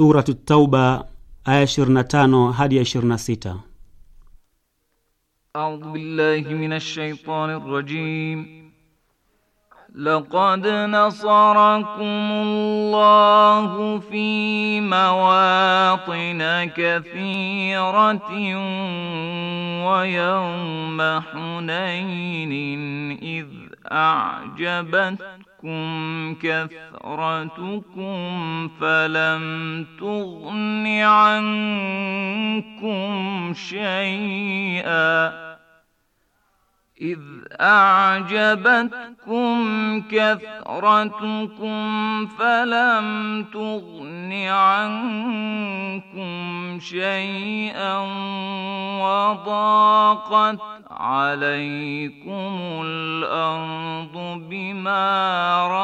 Suratu Tauba aya 25 hadi ya 26. A'udhu billahi minash shaitani rajim. لقد نصركم الله في مواطن كثيرة ويوم حنين إذ أعجبتكم كثرتكم فلم تغن عنكم شيئا إذ أعجبتكم كثرتكم فلم تغن عنكم شيئا وضاقت عليكم الأرض بما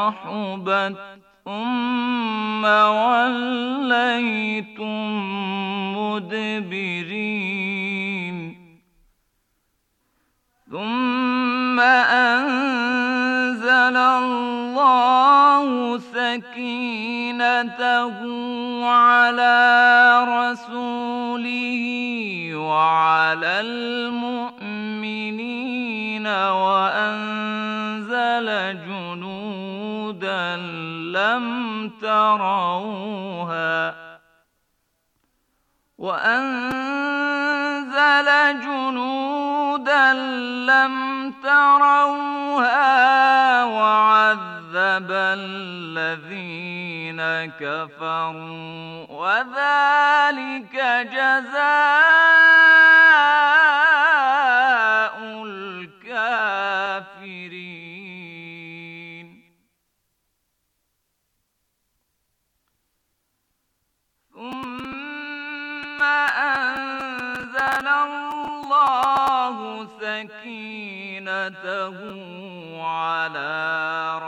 رحبت ثم وليتم مدبرين ثم أنزل الله سكينته على رسوله وعلى المؤمنين وأنزل جنودا لم تروها وأنزل جنودا لم تروها وعذب الذين كفروا وذلك جزاؤهم سكينته على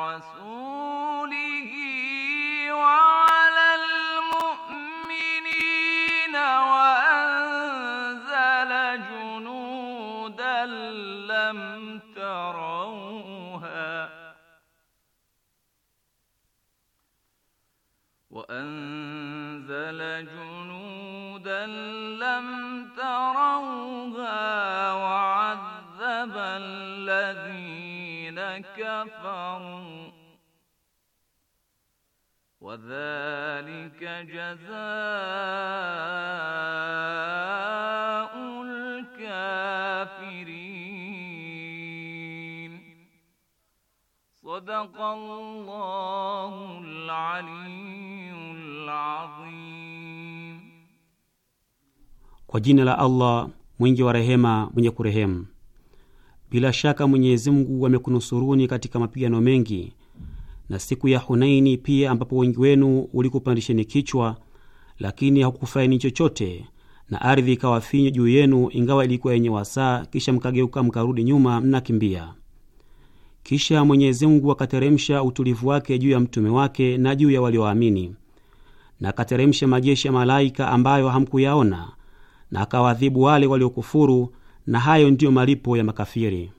Wadhalika jazaul kafirin. Sadaqallahul aliyyul azim. Kwa jina la Allah mwingi wa rehema mwenye kurehemu. Bila shaka Mwenyezi Mungu amekunusuruni katika mapigano mengi na siku ya Hunaini pia, ambapo wengi wenu ulikupandisheni kichwa, lakini hakukufaini chochote, na ardhi ikawafinywa juu yenu, ingawa ilikuwa yenye wasaa, kisha mkageuka mkarudi nyuma mnakimbia. Kisha Mwenyezi Mungu akateremsha utulivu wake juu ya mtume wake na juu ya walioamini, na akateremsha majeshi ya malaika ambayo hamkuyaona, na akawaadhibu wale waliokufuru, na hayo ndiyo malipo ya makafiri.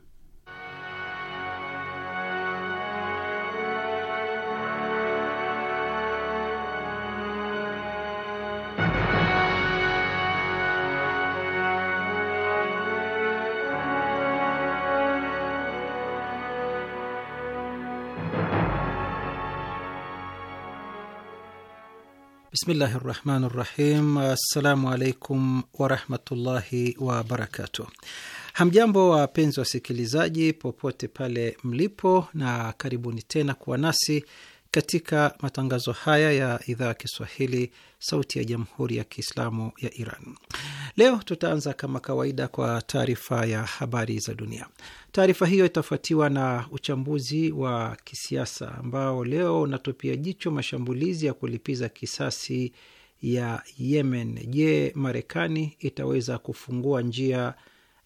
Bismillahi rahmani rahim. Assalamu alaikum warahmatullahi wabarakatuh. Hamjambo wapenzi wasikilizaji, popote pale mlipo, na karibuni tena kuwa nasi katika matangazo haya ya idhaa ya Kiswahili, Sauti ya Jamhuri ya Kiislamu ya Iran. Leo tutaanza kama kawaida kwa taarifa ya habari za dunia. Taarifa hiyo itafuatiwa na uchambuzi wa kisiasa ambao leo unatupia jicho mashambulizi ya kulipiza kisasi ya Yemen. Je, Marekani itaweza kufungua njia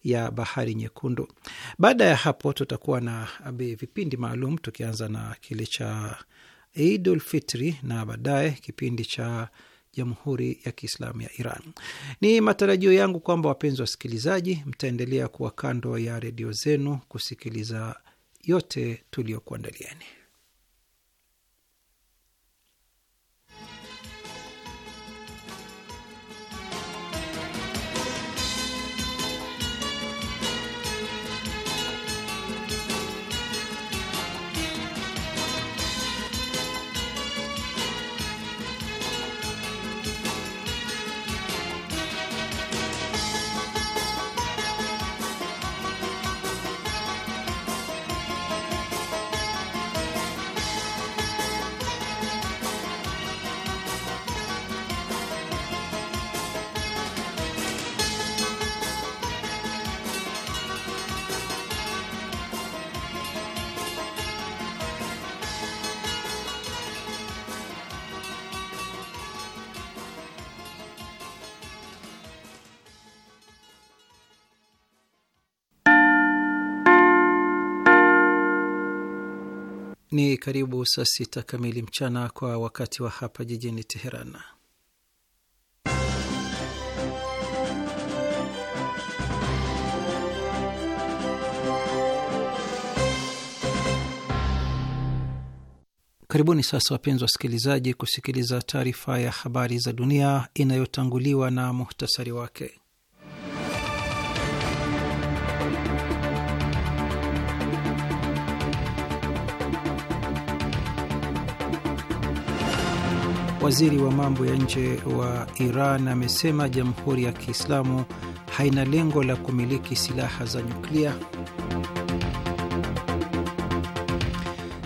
ya bahari nyekundu? Baada ya hapo, tutakuwa na vipindi maalum tukianza na kile cha Eidul Fitri na baadaye kipindi cha Jamhuri ya Kiislamu ya Iran. Ni matarajio yangu kwamba wapenzi wa wasikilizaji, mtaendelea kuwa kando ya redio zenu kusikiliza yote tuliyokuandaliani. Ni karibu saa sita kamili mchana kwa wakati wa hapa jijini Teheran. Karibuni sasa wapenzi wasikilizaji, kusikiliza taarifa ya habari za dunia inayotanguliwa na muhtasari wake. Waziri wa mambo ya nje wa Iran amesema jamhuri ya Kiislamu haina lengo la kumiliki silaha za nyuklia.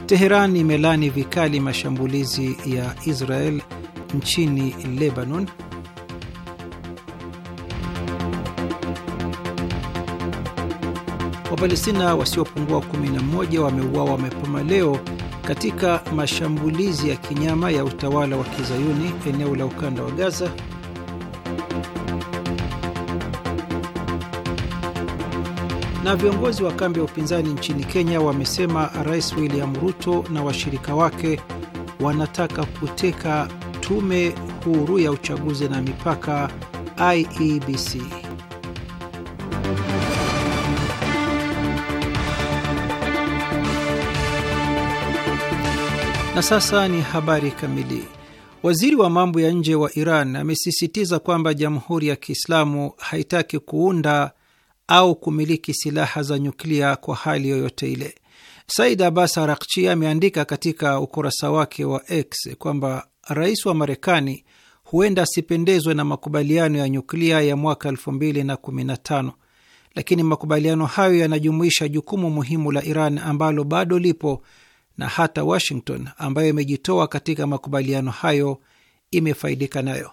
Teheran imelani vikali mashambulizi ya Israel nchini Lebanon. Wapalestina wasiopungua 11 wameuawa mapema leo katika mashambulizi ya kinyama ya utawala wa kizayuni eneo la ukanda wa Gaza, na viongozi wa kambi ya upinzani nchini Kenya wamesema Rais William Ruto na washirika wake wanataka kuteka tume huru ya uchaguzi na mipaka IEBC. Na sasa ni habari kamili. Waziri wa mambo ya nje wa Iran amesisitiza kwamba Jamhuri ya Kiislamu haitaki kuunda au kumiliki silaha za nyuklia kwa hali yoyote ile. Said Abbas Arakchi ameandika katika ukurasa wake wa X kwamba rais wa Marekani huenda asipendezwe na makubaliano ya nyuklia ya mwaka 2015 lakini makubaliano hayo yanajumuisha jukumu muhimu la Iran ambalo bado lipo na hata Washington ambayo imejitoa katika makubaliano hayo imefaidika nayo.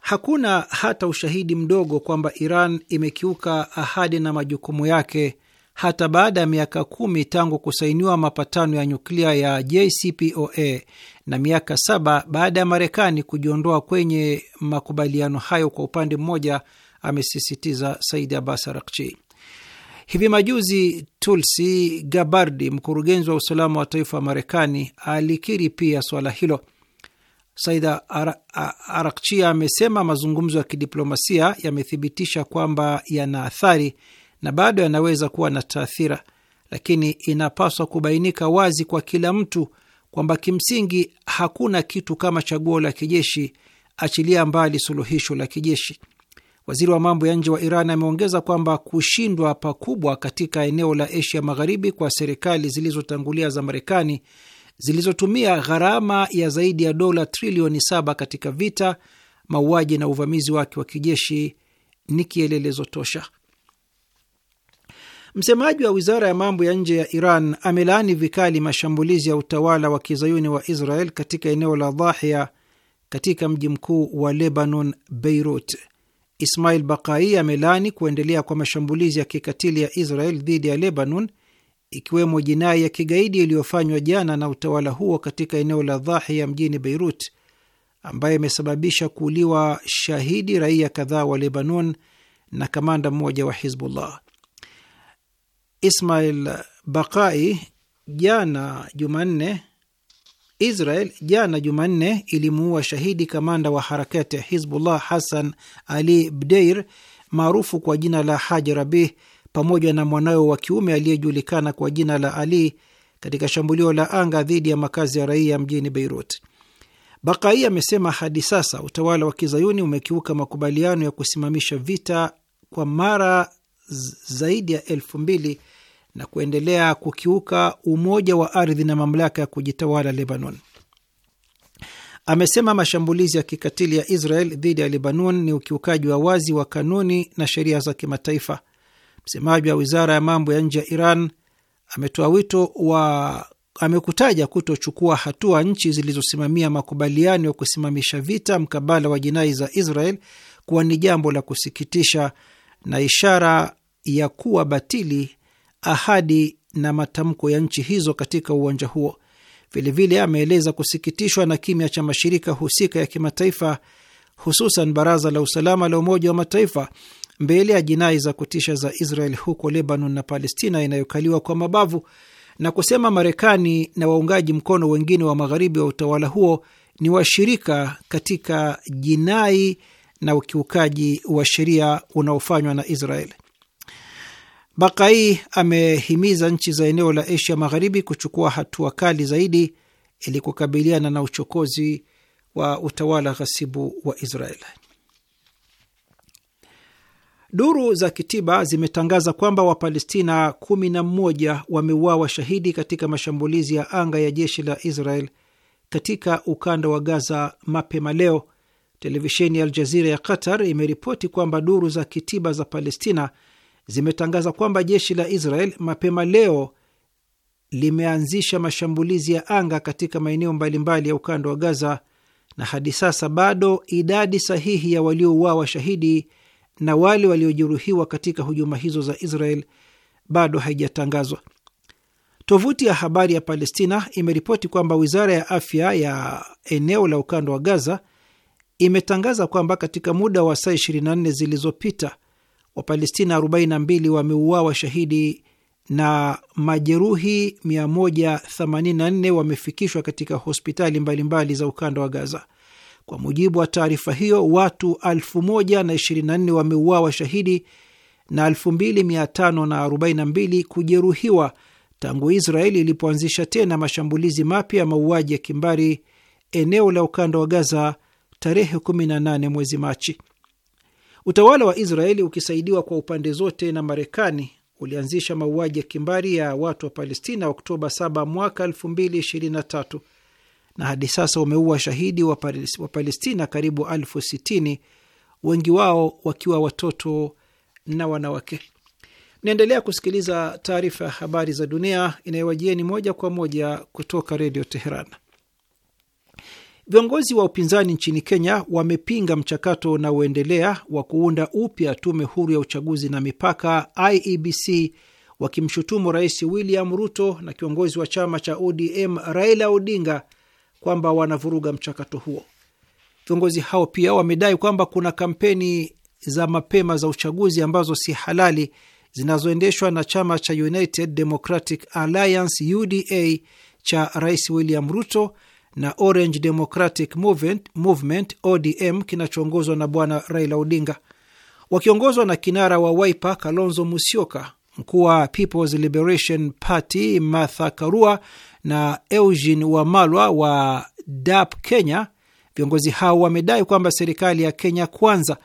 Hakuna hata ushahidi mdogo kwamba Iran imekiuka ahadi na majukumu yake hata baada ya miaka kumi tangu kusainiwa mapatano ya nyuklia ya JCPOA na miaka saba baada ya Marekani kujiondoa kwenye makubaliano hayo kwa upande mmoja, amesisitiza Saidi Abbas Arakchi. Hivi majuzi Tulsi Gabardi, mkurugenzi wa usalama wa taifa wa Marekani, alikiri pia swala hilo. Saida Arakchia amesema mazungumzo ya kidiplomasia yamethibitisha kwamba yana athari na bado yanaweza kuwa na taathira, lakini inapaswa kubainika wazi kwa kila mtu kwamba kimsingi hakuna kitu kama chaguo la kijeshi, achilia mbali suluhisho la kijeshi. Waziri wa mambo ya nje wa Iran ameongeza kwamba kushindwa pakubwa katika eneo la Asia Magharibi kwa serikali zilizotangulia za Marekani zilizotumia gharama ya zaidi ya dola trilioni saba katika vita, mauaji na uvamizi wake wa kijeshi ni kielelezo tosha. Msemaji wa wizara ya mambo ya nje ya Iran amelaani vikali mashambulizi ya utawala wa kizayuni wa Israel katika eneo la Dhahia katika mji mkuu wa Lebanon, Beirut. Ismail Bakai amelaani kuendelea kwa mashambulizi ya kikatili ya Israel dhidi ya Lebanon, ikiwemo jinai ya kigaidi iliyofanywa jana na utawala huo katika eneo la Dhahia mjini Beirut, ambayo imesababisha kuuliwa shahidi raia kadhaa wa Lebanon na kamanda mmoja wa Hizbullah. Ismail Bakai jana Jumanne Israel jana Jumanne ilimuua shahidi kamanda wa harakati ya Hizbullah Hassan Ali Bdeir maarufu kwa jina la Haji Rabih pamoja na mwanawe wa kiume aliyejulikana kwa jina la Ali katika shambulio la anga dhidi ya makazi ya raia mjini Beirut. Bakai amesema hadi sasa utawala wa kizayuni umekiuka makubaliano ya kusimamisha vita kwa mara zaidi ya elfu mbili na kuendelea kukiuka umoja wa ardhi na mamlaka ya kujitawala Lebanon. Amesema mashambulizi ya kikatili ya Israel dhidi ya Lebanon ni ukiukaji wa wazi wa kanuni na sheria za kimataifa. Msemaji wa wizara ya mambo ya nje ya Iran ametoa wito wa amekutaja kutochukua hatua nchi zilizosimamia makubaliano ya kusimamisha vita mkabala wa jinai za Israel kuwa ni jambo la kusikitisha na ishara ya kuwa batili ahadi na matamko ya nchi hizo katika uwanja huo. Vilevile ameeleza kusikitishwa na kimya cha mashirika husika ya kimataifa, hususan Baraza la Usalama la Umoja wa Mataifa mbele ya jinai za kutisha za Israel huko Lebanon na Palestina inayokaliwa kwa mabavu na kusema Marekani na waungaji mkono wengine wa magharibi wa utawala huo ni washirika katika jinai na ukiukaji wa sheria unaofanywa na Israel. Bakai amehimiza nchi za eneo la Asia Magharibi kuchukua hatua kali zaidi ili kukabiliana na uchokozi wa utawala ghasibu wa Israel. Duru za kitiba zimetangaza kwamba Wapalestina kumi na mmoja wameuawa shahidi katika mashambulizi ya anga ya jeshi la Israel katika ukanda wa Gaza mapema leo. Televisheni ya Aljazira ya Qatar imeripoti kwamba duru za kitiba za Palestina zimetangaza kwamba jeshi la Israel mapema leo limeanzisha mashambulizi ya anga katika maeneo mbalimbali ya ukanda wa Gaza, na hadi sasa bado idadi sahihi ya waliouawa washahidi na wale waliojeruhiwa katika hujuma hizo za Israel bado haijatangazwa. Tovuti ya habari ya Palestina imeripoti kwamba wizara ya afya ya eneo la ukanda wa Gaza imetangaza kwamba katika muda wa saa 24 zilizopita Wapalestina 42 wameuawa shahidi na majeruhi 184 wamefikishwa katika hospitali mbalimbali mbali za ukanda wa Gaza. Kwa mujibu wa taarifa hiyo, watu 1024 wameuawa shahidi na 2542 kujeruhiwa tangu Israeli ilipoanzisha tena mashambulizi mapya ya mauaji ya kimbari eneo la ukanda wa Gaza tarehe 18 mwezi Machi. Utawala wa Israeli ukisaidiwa kwa upande zote na Marekani ulianzisha mauaji ya kimbari ya watu wa Palestina Oktoba 7 mwaka 2023 na hadi sasa umeua shahidi wa, Palestina karibu elfu sitini, wengi wao wakiwa watoto na wanawake. Naendelea kusikiliza taarifa ya habari za dunia inayowajieni moja kwa moja kutoka Redio Teheran. Viongozi wa upinzani nchini Kenya wamepinga mchakato unaoendelea wa kuunda upya tume huru ya uchaguzi na mipaka IEBC, wakimshutumu Rais William Ruto na kiongozi wa chama cha ODM Raila Odinga kwamba wanavuruga mchakato huo. Viongozi hao pia wamedai kwamba kuna kampeni za mapema za uchaguzi ambazo si halali zinazoendeshwa na chama cha United Democratic Alliance UDA cha Rais William Ruto na Orange Democratic Movement, Movement ODM kinachoongozwa na Bwana Raila Odinga, wakiongozwa na kinara wa Wiper Kalonzo Musyoka, mkuu wa People's Liberation Party Martha Karua na Eugene Wamalwa wa DAP Kenya. Viongozi hao wamedai kwamba serikali ya Kenya Kwanza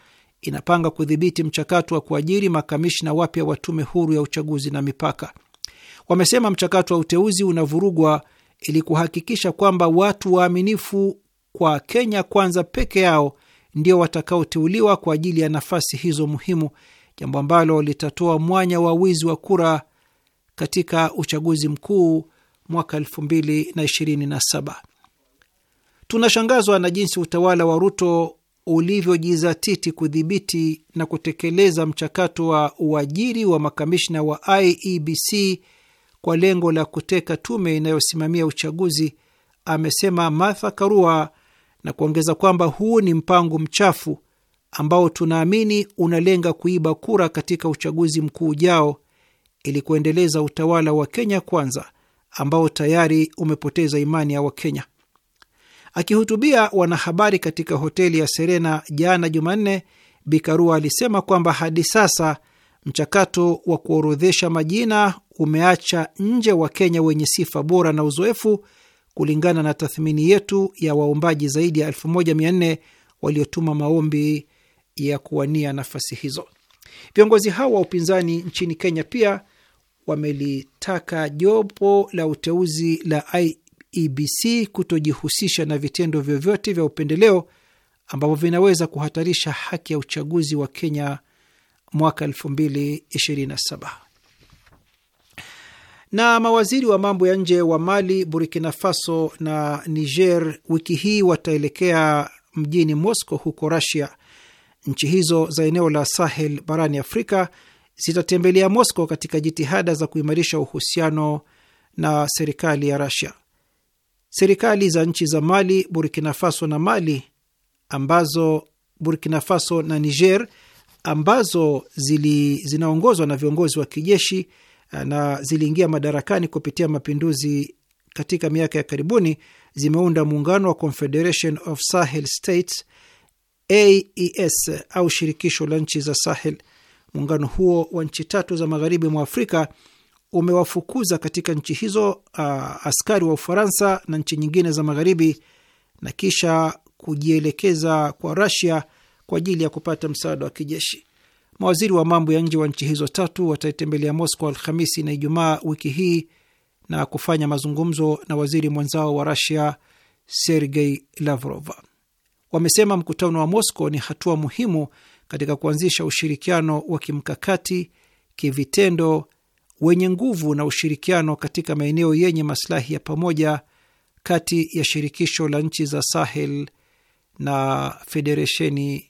inapanga kudhibiti mchakato wa kuajiri makamishna wapya wa tume huru ya uchaguzi na mipaka. Wamesema mchakato wa uteuzi unavurugwa ili kuhakikisha kwamba watu waaminifu kwa Kenya Kwanza peke yao ndio watakaoteuliwa kwa ajili ya nafasi hizo muhimu, jambo ambalo litatoa mwanya wa wizi wa kura katika uchaguzi mkuu mwaka 2027. Tunashangazwa na jinsi utawala wa Ruto ulivyojizatiti kudhibiti na kutekeleza mchakato wa uajiri wa makamishna wa IEBC kwa lengo la kuteka tume inayosimamia uchaguzi, amesema Martha Karua na kuongeza kwamba huu ni mpango mchafu ambao tunaamini unalenga kuiba kura katika uchaguzi mkuu ujao ili kuendeleza utawala wa Kenya Kwanza ambao tayari umepoteza imani ya Wakenya. Akihutubia wanahabari katika hoteli ya Serena jana Jumanne, Bikarua alisema kwamba hadi sasa Mchakato wa kuorodhesha majina umeacha nje wa kenya wenye sifa bora na uzoefu, kulingana na tathmini yetu ya waombaji zaidi ya 1400 waliotuma maombi ya kuwania nafasi hizo. Viongozi hao wa upinzani nchini Kenya pia wamelitaka jopo la uteuzi la IEBC kutojihusisha na vitendo vyovyote vya upendeleo ambavyo vinaweza kuhatarisha haki ya uchaguzi wa Kenya mwaka 2027. Na mawaziri wa mambo ya nje wa Mali, Burkina Faso na Niger wiki hii wataelekea mjini Moscow huko rasia Nchi hizo za eneo la Sahel barani Afrika zitatembelea Moscow katika jitihada za kuimarisha uhusiano na serikali ya rasia Serikali za nchi za Mali, Burkina Faso na Mali ambazo Burkina Faso na Niger ambazo zili, zinaongozwa na viongozi wa kijeshi eh, na ziliingia madarakani kupitia mapinduzi katika miaka ya karibuni zimeunda muungano wa Confederation of Sahel States AES au shirikisho la nchi za Sahel. Muungano huo wa nchi tatu za magharibi mwa Afrika umewafukuza katika nchi hizo uh, askari wa Ufaransa na nchi nyingine za magharibi na kisha kujielekeza kwa Russia kwa ajili ya kupata msaada wa kijeshi. Mawaziri wa mambo ya nje wa nchi hizo tatu wataitembelea Moscow Alhamisi na Ijumaa wiki hii na kufanya mazungumzo na waziri mwenzao wa Rusia Sergei Lavrov. Wamesema mkutano wa Moscow ni hatua muhimu katika kuanzisha ushirikiano wa kimkakati, kivitendo, wenye nguvu na ushirikiano katika maeneo yenye masilahi ya pamoja kati ya shirikisho la nchi za Sahel na federesheni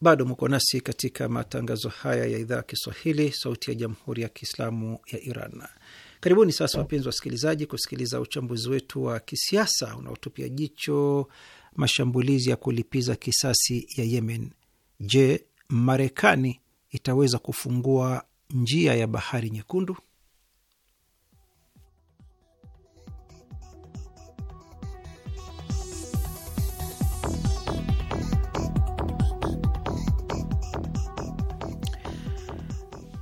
Bado mko nasi katika matangazo haya ya idhaa ya Kiswahili, sauti ya jamhuri ya kiislamu ya Iran. Karibuni sasa, wapenzi wasikilizaji, kusikiliza uchambuzi wetu wa kisiasa unaotupia jicho mashambulizi ya kulipiza kisasi ya Yemen. Je, Marekani itaweza kufungua njia ya bahari nyekundu?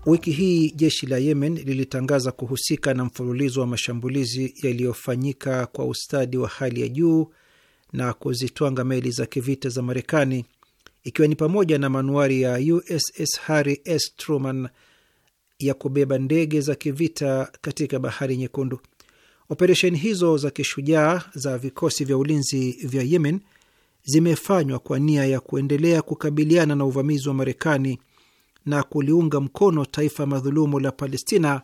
Wiki hii jeshi la Yemen lilitangaza kuhusika na mfululizo wa mashambulizi yaliyofanyika kwa ustadi wa hali ya juu na kuzitwanga meli za kivita za Marekani, ikiwa ni pamoja na manuari ya USS Harry S Truman ya kubeba ndege za kivita katika Bahari Nyekundu. Operesheni hizo za kishujaa za vikosi vya ulinzi vya Yemen zimefanywa kwa nia ya kuendelea kukabiliana na uvamizi wa Marekani na kuliunga mkono taifa madhulumu la Palestina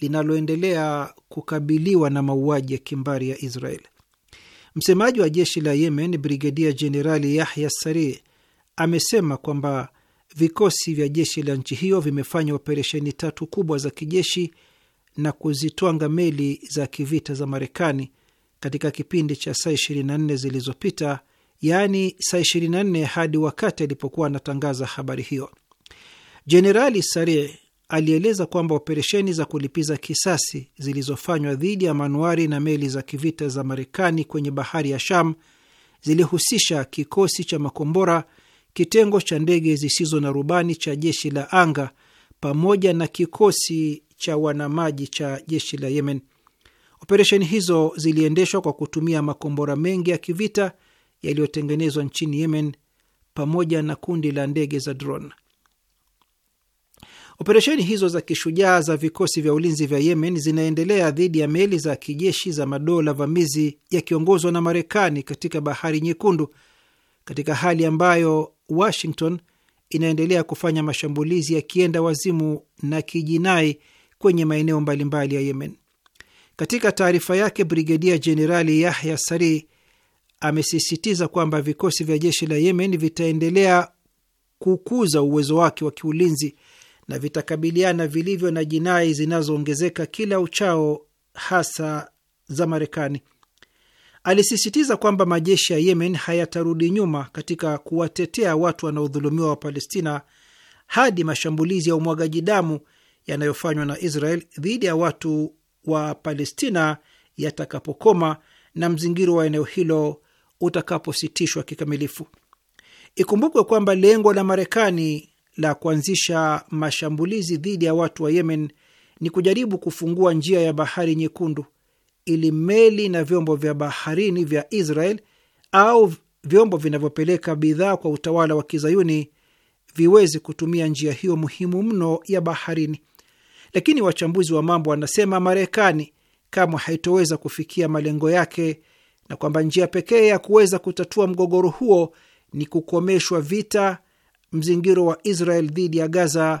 linaloendelea kukabiliwa na mauaji ya kimbari ya Israel. Msemaji wa jeshi la Yemen, Brigedia Jenerali Yahya Sari, amesema kwamba vikosi vya jeshi la nchi hiyo vimefanya operesheni tatu kubwa za kijeshi na kuzitwanga meli za kivita za Marekani katika kipindi cha saa 24 zilizopita, yaani saa 24 hadi wakati alipokuwa anatangaza habari hiyo. Jenerali Sare alieleza kwamba operesheni za kulipiza kisasi zilizofanywa dhidi ya manuari na meli za kivita za Marekani kwenye bahari ya Sham zilihusisha kikosi cha makombora, kitengo cha ndege zisizo na rubani cha jeshi la anga pamoja na kikosi cha wanamaji cha jeshi la Yemen. Operesheni hizo ziliendeshwa kwa kutumia makombora mengi ya kivita yaliyotengenezwa nchini Yemen pamoja na kundi la ndege za drone. Operesheni hizo za kishujaa za vikosi vya ulinzi vya Yemen zinaendelea dhidi ya meli za kijeshi za madola vamizi yakiongozwa na Marekani katika Bahari Nyekundu, katika hali ambayo Washington inaendelea kufanya mashambulizi ya kienda wazimu na kijinai kwenye maeneo mbalimbali ya Yemen. Katika taarifa yake, Brigedia Jenerali Yahya Sari amesisitiza kwamba vikosi vya jeshi la Yemen vitaendelea kukuza uwezo wake wa kiulinzi na vitakabiliana vilivyo na jinai zinazoongezeka kila uchao, hasa za Marekani. Alisisitiza kwamba majeshi ya Yemen hayatarudi nyuma katika kuwatetea watu wanaodhulumiwa wa Palestina hadi mashambulizi ya umwagaji damu yanayofanywa na Israel dhidi ya watu wa Palestina yatakapokoma na mzingiro wa eneo hilo utakapositishwa kikamilifu. Ikumbukwe kwamba lengo la Marekani la kuanzisha mashambulizi dhidi ya watu wa Yemen ni kujaribu kufungua njia ya Bahari Nyekundu ili meli na vyombo vya baharini vya Israel au vyombo vinavyopeleka bidhaa kwa utawala wa kizayuni viweze kutumia njia hiyo muhimu mno ya baharini. Lakini wachambuzi wa mambo wanasema Marekani kamwe haitoweza kufikia malengo yake na kwamba njia pekee ya kuweza kutatua mgogoro huo ni kukomeshwa vita mzingiro wa Israel dhidi ya Gaza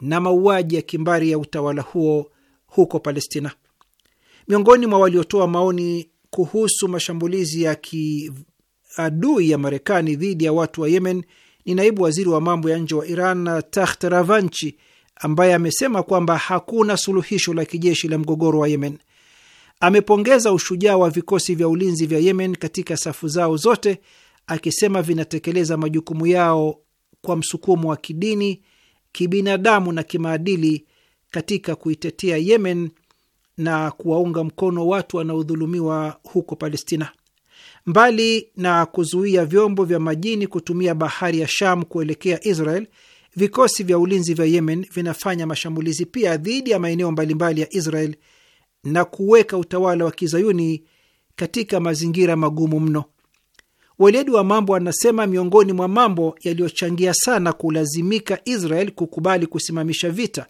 na mauaji ya kimbari ya utawala huo huko Palestina. Miongoni mwa waliotoa maoni kuhusu mashambulizi ya kiadui ya Marekani dhidi ya watu wa Yemen ni naibu waziri wa mambo ya nje wa Iran Taht Ravanchi, ambaye amesema kwamba hakuna suluhisho la kijeshi la mgogoro wa Yemen. Amepongeza ushujaa wa vikosi vya ulinzi vya Yemen katika safu zao zote, akisema vinatekeleza majukumu yao kwa msukumo wa kidini, kibinadamu na kimaadili katika kuitetea Yemen na kuwaunga mkono watu wanaodhulumiwa huko Palestina. Mbali na kuzuia vyombo vya majini kutumia bahari ya Sham kuelekea Israel, vikosi vya ulinzi vya Yemen vinafanya mashambulizi pia dhidi ya maeneo mbalimbali ya Israel na kuweka utawala wa kizayuni katika mazingira magumu mno. Weledi wa mambo anasema miongoni mwa mambo yaliyochangia sana kulazimika Israel kukubali kusimamisha vita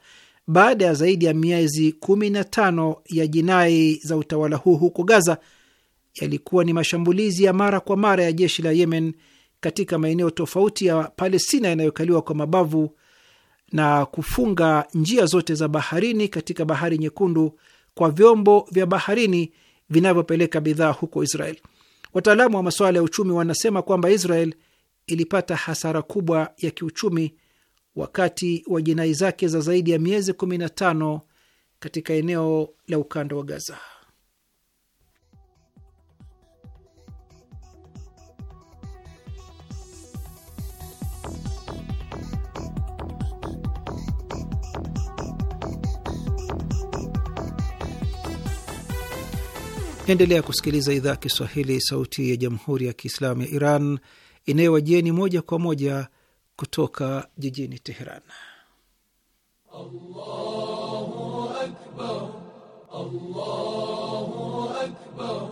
baada ya zaidi ya miezi 15 ya jinai za utawala huu huko Gaza yalikuwa ni mashambulizi ya mara kwa mara ya jeshi la Yemen katika maeneo tofauti ya Palestina yanayokaliwa kwa mabavu na kufunga njia zote za baharini katika Bahari Nyekundu kwa vyombo vya baharini vinavyopeleka bidhaa huko Israeli. Wataalamu wa masuala ya uchumi wanasema kwamba Israel ilipata hasara kubwa ya kiuchumi wakati wa jinai zake za zaidi ya miezi 15 katika eneo la ukanda wa Gaza. Naendelea kusikiliza idhaa ya Kiswahili, sauti ya jamhuri ya kiislamu ya Iran inayowajieni moja kwa moja kutoka jijini Teheran. Allahu Akbar, Allahu Akbar.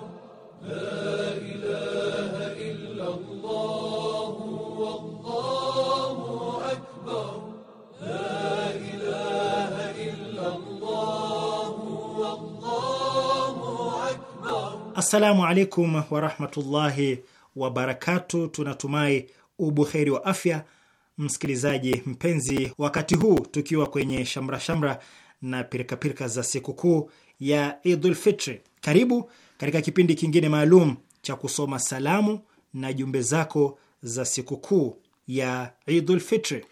Assalamu alaikum warahmatullahi wabarakatu. Tunatumai ubuheri wa afya, msikilizaji mpenzi, wakati huu tukiwa kwenye shamrashamra -shamra na pirikapirika -pirika za sikukuu ya idulfitri Karibu katika kipindi kingine maalum cha kusoma salamu na jumbe zako za sikukuu ya Idulfitri.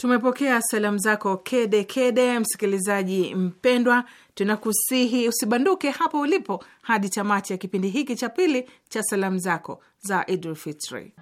Tumepokea salamu zako kede kede, msikilizaji mpendwa. Tunakusihi usibanduke hapo ulipo hadi tamati ya kipindi hiki cha pili cha salamu zako za Idul Fitri.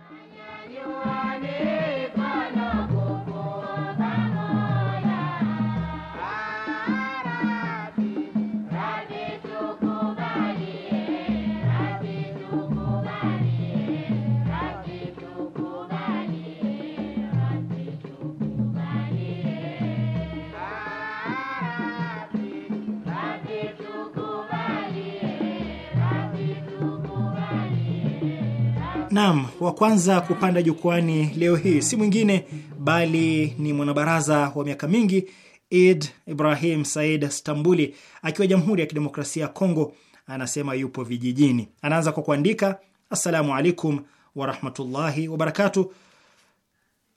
Naam, wa kwanza kupanda jukwani leo hii si mwingine bali ni mwanabaraza wa miaka mingi id Ibrahim Said Stambuli akiwa Jamhuri ya Kidemokrasia ya Kongo, anasema yupo vijijini. Anaanza kwa kuandika assalamu alaikum warahmatullahi wabarakatu.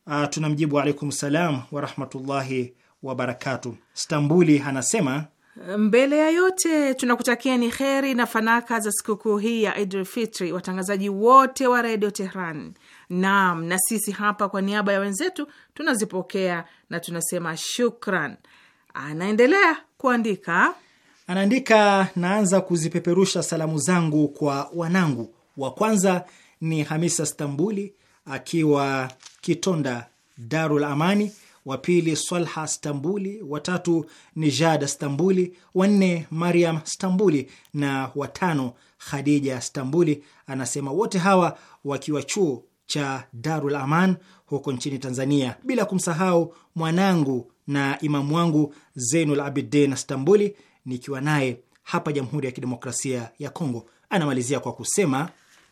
Ah, tunamjibu alaikum salam warahmatullahi wabarakatu. Stambuli anasema mbele ya yote ni heri na fanaka za sikukuu hii ya Idul Fitri, watangazaji wote wa redio Tehran. Naam, na sisi hapa kwa niaba ya wenzetu tunazipokea na tunasema shukran. Anaendelea kuandika, anaandika, naanza kuzipeperusha salamu zangu kwa wanangu. Wa kwanza ni Hamisa Stambuli akiwa Kitonda, Darul Amani wa pili Swalha Stambuli, watatu Nijada Stambuli, wanne Mariam Stambuli na watano Khadija Stambuli. Anasema wote hawa wakiwa chuo cha Darul Aman huko nchini Tanzania, bila kumsahau mwanangu na imamu wangu Zeinul Abidin Stambuli nikiwa naye hapa Jamhuri ya Kidemokrasia ya Kongo. Anamalizia kwa kusema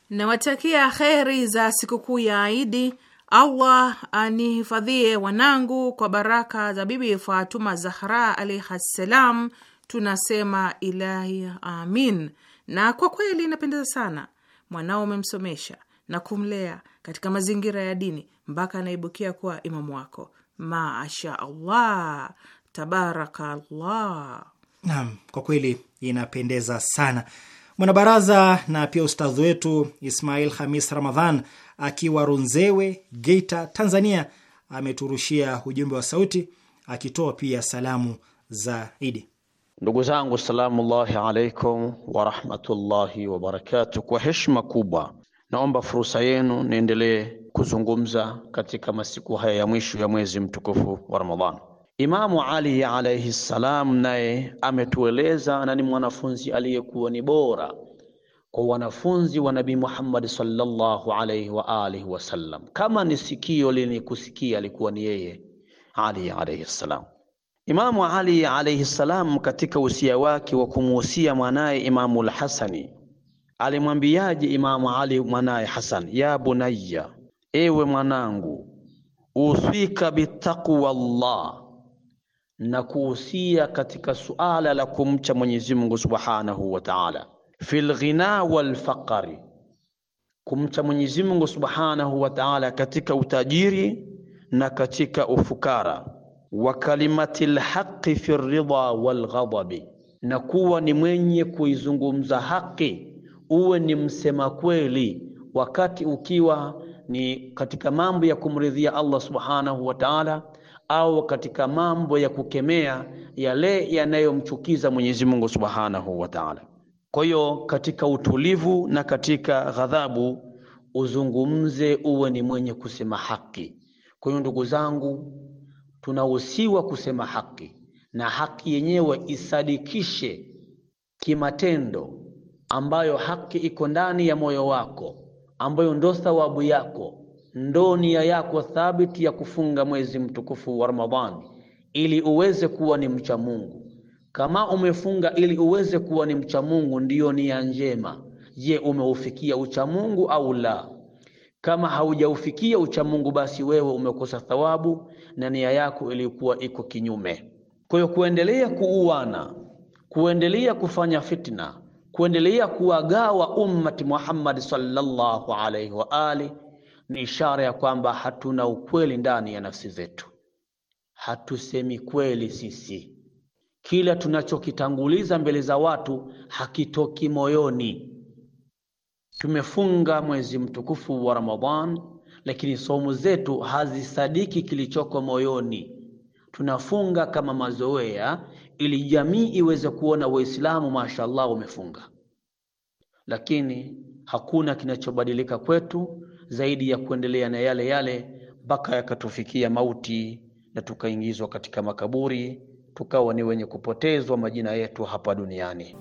nawatakia kheri za sikukuu ya Aidi Allah anihifadhie wanangu kwa baraka za Bibi Fatuma Zahra alaihi ssalam. Tunasema ilahi amin. Na kwa kweli inapendeza sana, mwanao umemsomesha na kumlea katika mazingira ya dini mpaka anaibukia kuwa imamu wako. Masha Allah, tabaraka Allah. Naam, kwa kweli inapendeza sana. Mwanabaraza na pia ustadhi wetu Ismail Hamis Ramadhan akiwa Runzewe, Geita, Tanzania, ameturushia ujumbe wa sauti akitoa pia salamu za Idi. Ndugu zangu, salamullahi alaikum warahmatullahi wabarakatuh. Kwa heshima kubwa naomba fursa yenu niendelee kuzungumza katika masiku haya ya mwisho ya mwezi mtukufu wa Ramadhani. Imamu Ali alaihi salam naye ametueleza na ni mwanafunzi aliyekuwa ni bora kwa wanafunzi wa Nabii Muhammad sallallahu alayhi wa alihi wasallam, kama ni sikio lenye kusikia alikuwa ni yeye Ali alayhi salam. Imamu Ali alayhi salam katika usia wake wa kumuhusia mwanaye Imamu al-Hasani alimwambiaje Imamu Ali mwanaye Hasan, ya bunayya, ewe mwanangu, uswika bitaqwa Allah, na kuhusia katika suala la kumcha Mwenyezi Mungu subhanahu wa ta'ala fil ghina wal faqari, kumcha Mwenyezi Mungu Subhanahu wa Ta'ala katika utajiri na katika ufukara. Wa kalimatil haqqi fir ridha wal ghadabi, na kuwa ni mwenye kuizungumza haki, uwe ni msema kweli wakati ukiwa ni katika mambo ya kumridhia Allah Subhanahu wa Ta'ala au katika mambo ya kukemea yale yanayomchukiza Mwenyezi Mungu Subhanahu wa Ta'ala. Kwa hiyo katika utulivu na katika ghadhabu uzungumze, uwe ni mwenye kusema haki. Kwa hiyo ndugu zangu, tunahusiwa kusema haki na haki yenyewe isadikishe kimatendo, ambayo haki iko ndani ya moyo wako, ambayo ndo thawabu yako, ndo nia yako thabiti ya kufunga mwezi mtukufu wa Ramadhani, ili uweze kuwa ni mcha Mungu. Kama umefunga ili uweze kuwa ni mcha Mungu, ndiyo nia njema. Je, umeufikia ucha Mungu au la? Kama haujaufikia ucha Mungu, basi wewe umekosa thawabu na nia yako ilikuwa iko kinyume. Kwa hiyo kuendelea kuuana, kuendelea kufanya fitna, kuendelea kuwagawa ummati Muhammad sallallahu alayhi wa ali ni ishara ya kwamba hatuna ukweli ndani ya nafsi zetu, hatusemi kweli sisi kila tunachokitanguliza mbele za watu hakitoki moyoni. Tumefunga mwezi mtukufu wa Ramadhan, lakini somo zetu hazisadiki kilichoko moyoni. Tunafunga kama mazoea ili jamii iweze kuona Waislamu mashaallah wamefunga, lakini hakuna kinachobadilika kwetu zaidi ya kuendelea na yale yale mpaka yakatufikia mauti na tukaingizwa katika makaburi tukawa ni wenye kupotezwa majina yetu hapa duniani.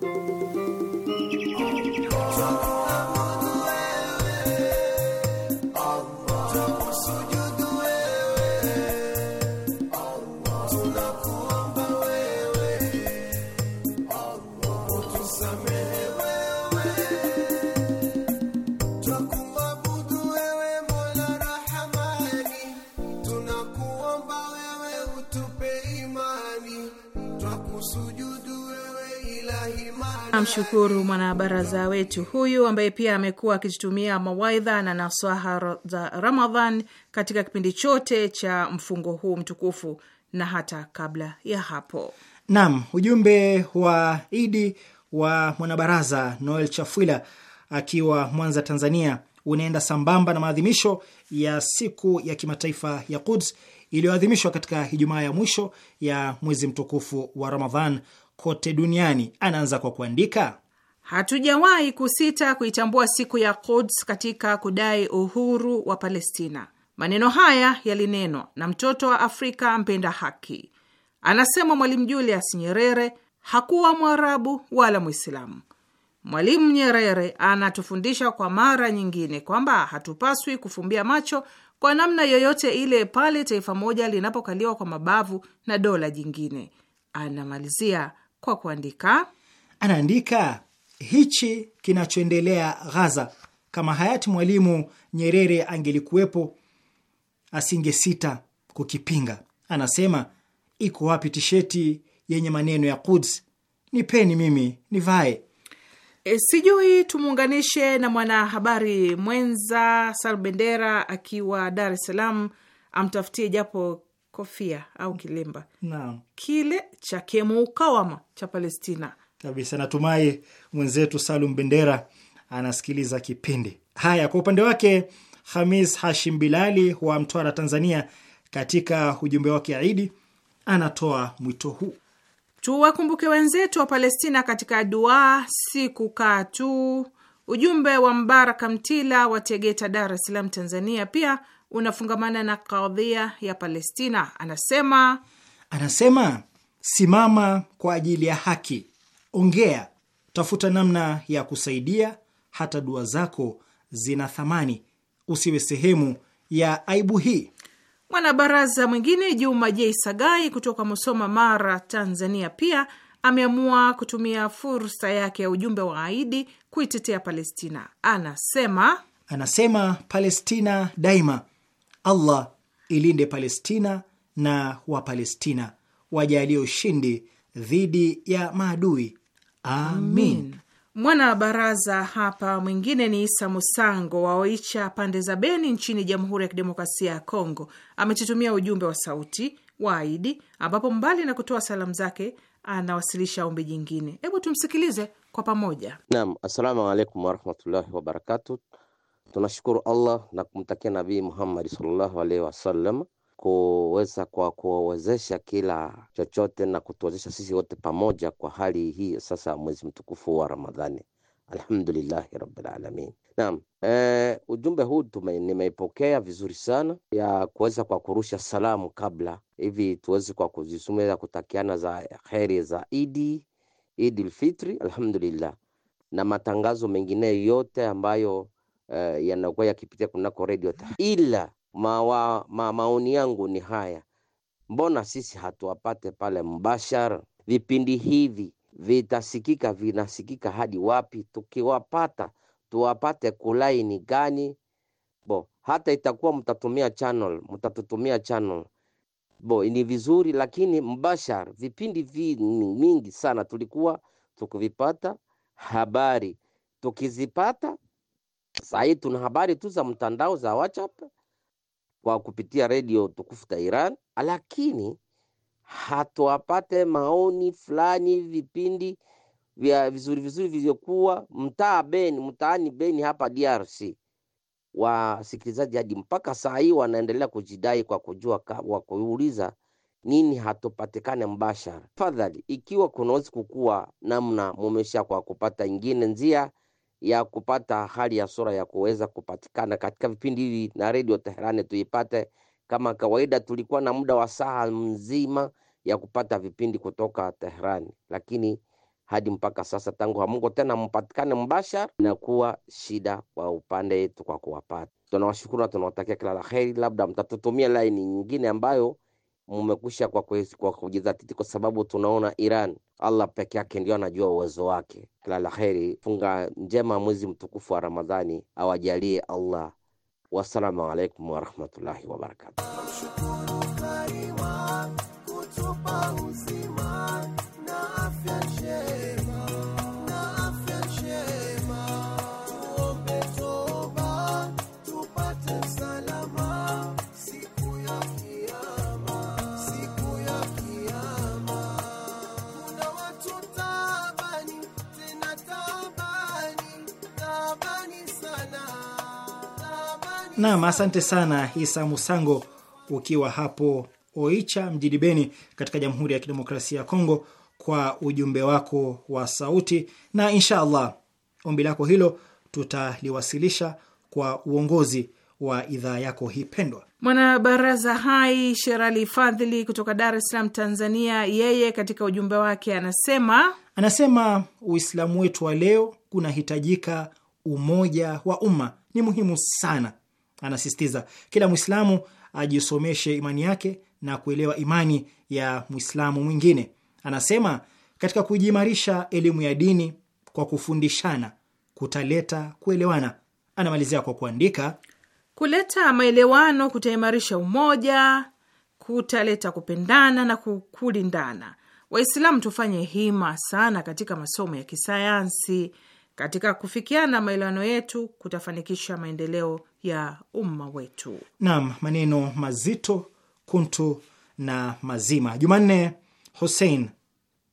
tunamshukuru mwanabaraza wetu huyu ambaye pia amekuwa akijitumia mawaidha na nasaha za Ramadhan katika kipindi chote cha mfungo huu mtukufu na hata kabla ya hapo. Naam, ujumbe wa Idi wa mwanabaraza Noel Chafwila akiwa Mwanza, Tanzania, unaenda sambamba na maadhimisho ya siku ya kimataifa ya Quds iliyoadhimishwa katika Ijumaa ya mwisho ya mwezi mtukufu wa Ramadhan kote duniani. Anaanza kwa kuandika, hatujawahi kusita kuitambua siku ya Quds katika kudai uhuru wa Palestina. Maneno haya yalinenwa na mtoto wa Afrika mpenda haki, anasema Mwalimu Julius Nyerere hakuwa Mwarabu wala Mwislamu. Mwalimu Nyerere anatufundisha kwa mara nyingine kwamba hatupaswi kufumbia macho kwa namna yoyote ile pale taifa moja linapokaliwa kwa mabavu na dola jingine. Anamalizia kwa kuandika, anaandika hichi kinachoendelea Ghaza, kama hayati Mwalimu Nyerere angelikuwepo asingesita kukipinga. Anasema, iko wapi tisheti yenye maneno ya Quds? Nipeni mimi nivae. E, sijui tumuunganishe na mwanahabari mwenza Sal Bendera akiwa Dar es Salaam, amtafutie japo kofia au kilemba na kile cha kemuukawama cha Palestina kabisa. Natumai mwenzetu Salum Bendera anasikiliza kipindi. Haya, kwa upande wake Hamis Hashim Bilali wa Mtwara, Tanzania, katika ujumbe wake Aidi anatoa mwito huu: tuwakumbuke wenzetu wa Palestina katika dua, si kukaa tu. Ujumbe wa Mbaraka Mtila wa Tegeta, Dar es Salaam, Tanzania, pia unafungamana na kadhia ya Palestina. Anasema, anasema simama kwa ajili ya haki, ongea, tafuta namna ya kusaidia, hata dua zako zina thamani, usiwe sehemu ya aibu hii. Mwanabaraza mwingine Juma J Sagai kutoka Musoma, Mara, Tanzania, pia ameamua kutumia fursa yake ya ujumbe wa Aidi kuitetea Palestina. Anasema anasema Palestina daima Allah ilinde Palestina na Wapalestina, wajalie ushindi dhidi ya maadui. Amin. Mwana baraza hapa mwingine ni Isa Musango wa Oicha, pande za Beni, nchini Jamhuri ya Kidemokrasia ya Kongo. Ametutumia ujumbe wa sauti wa Aidi, ambapo mbali na kutoa salamu zake anawasilisha ombi jingine. Hebu tumsikilize kwa pamoja. Naam, assalamu alaikum warahmatullahi wabarakatuh. Tunashukuru Allah na kumtakia Nabii Muhammad sallallahu alaihi wasallam kuweza kwa kuwawezesha kila chochote na kutuwezesha sisi wote pamoja kwa hali hii sasa mwezi mtukufu wa Ramadhani. Alhamdulillahi rabbil alamin. Naam, e, ujumbe huu nimeipokea vizuri sana ya kuweza kwa kurusha salamu kabla hivi tuweze kwa kuzisumia kutakiana za kheri za Idi Idi Fitri, alhamdulillah na matangazo mengine yote ambayo uh, yanakuwa yakipitia kunako redio. Ila mawa, ma, maoni yangu ni haya, mbona sisi hatuwapate pale mbashara? Vipindi hivi vitasikika vinasikika hadi wapi? Tukiwapata tuwapate kulaini gani? Bo hata itakuwa mtatumia channel, mtatutumia channel bo ni vizuri, lakini mbashara vipindi vi mingi sana tulikuwa tukivipata habari tukizipata Saa hii tuna habari tu za mtandao za WhatsApp kwa kupitia redio tukufu ta Iran, lakini hatuwapate maoni fulani, vipindi vya vizuri vizuri vilivyokuwa mtaa Beni, mtaani Beni hapa DRC. Wasikilizaji hadi mpaka saa hii wanaendelea kujidai kwa kujua kwa kuuliza nini hatupatikane mbashara. Tafadhali, ikiwa kunaweza kukuwa namna mumesha kwa kupata ingine njia ya kupata hali ya sura ya kuweza kupatikana katika vipindi hivi na redio Teherani tuipate. Kama kawaida, tulikuwa na muda wa saa mzima ya kupata vipindi kutoka Teherani, lakini hadi mpaka sasa tangu hamungo tena mpatikane mbashara, inakuwa shida kwa upande wetu kwa kuwapata. Tunawashukuru na tunawatakia kila la heri, labda mtatutumia laini nyingine ambayo mmekwisha kwa, kwa titi kwa sababu tunaona Iran, Allah peke yake ndio anajua uwezo wake. Kila la heri, funga njema mwezi mtukufu wa Ramadhani awajalie Allah. Wassalamu alaikum warahmatullahi wabarakatuh. Nam, asante sana Isa Musango ukiwa hapo Oicha mjini Beni katika Jamhuri ya Kidemokrasia ya Kongo kwa ujumbe wako wa sauti, na insha allah ombi lako hilo tutaliwasilisha kwa uongozi wa idhaa yako hii pendwa. Mwanabaraza hai Sherali Fadhili kutoka Dar es Salaam, Tanzania, yeye katika ujumbe wake anasema anasema Uislamu wetu wa leo kunahitajika umoja wa umma, ni muhimu sana Anasisitiza kila Mwislamu ajisomeshe imani yake na kuelewa imani ya Mwislamu mwingine. Anasema katika kujiimarisha elimu ya dini kwa kufundishana kutaleta kuelewana. Anamalizia kwa kuandika, kuleta maelewano kutaimarisha umoja, kutaleta kupendana na kulindana. Waislamu tufanye hima sana katika masomo ya kisayansi katika kufikiana maelewano yetu kutafanikisha maendeleo ya umma wetu. Naam, maneno mazito kuntu na mazima. Jumanne Hussein